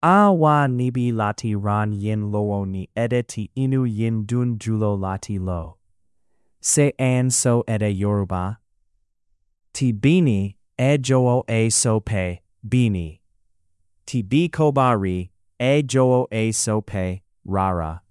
Awa nibi lati ran yin loo ni ede ti inu yin dun julo lati lo. Se an so ede Yoruba. Ti bini e joo e so pe, bini. Ti bi kobari e joo e so pe, rara.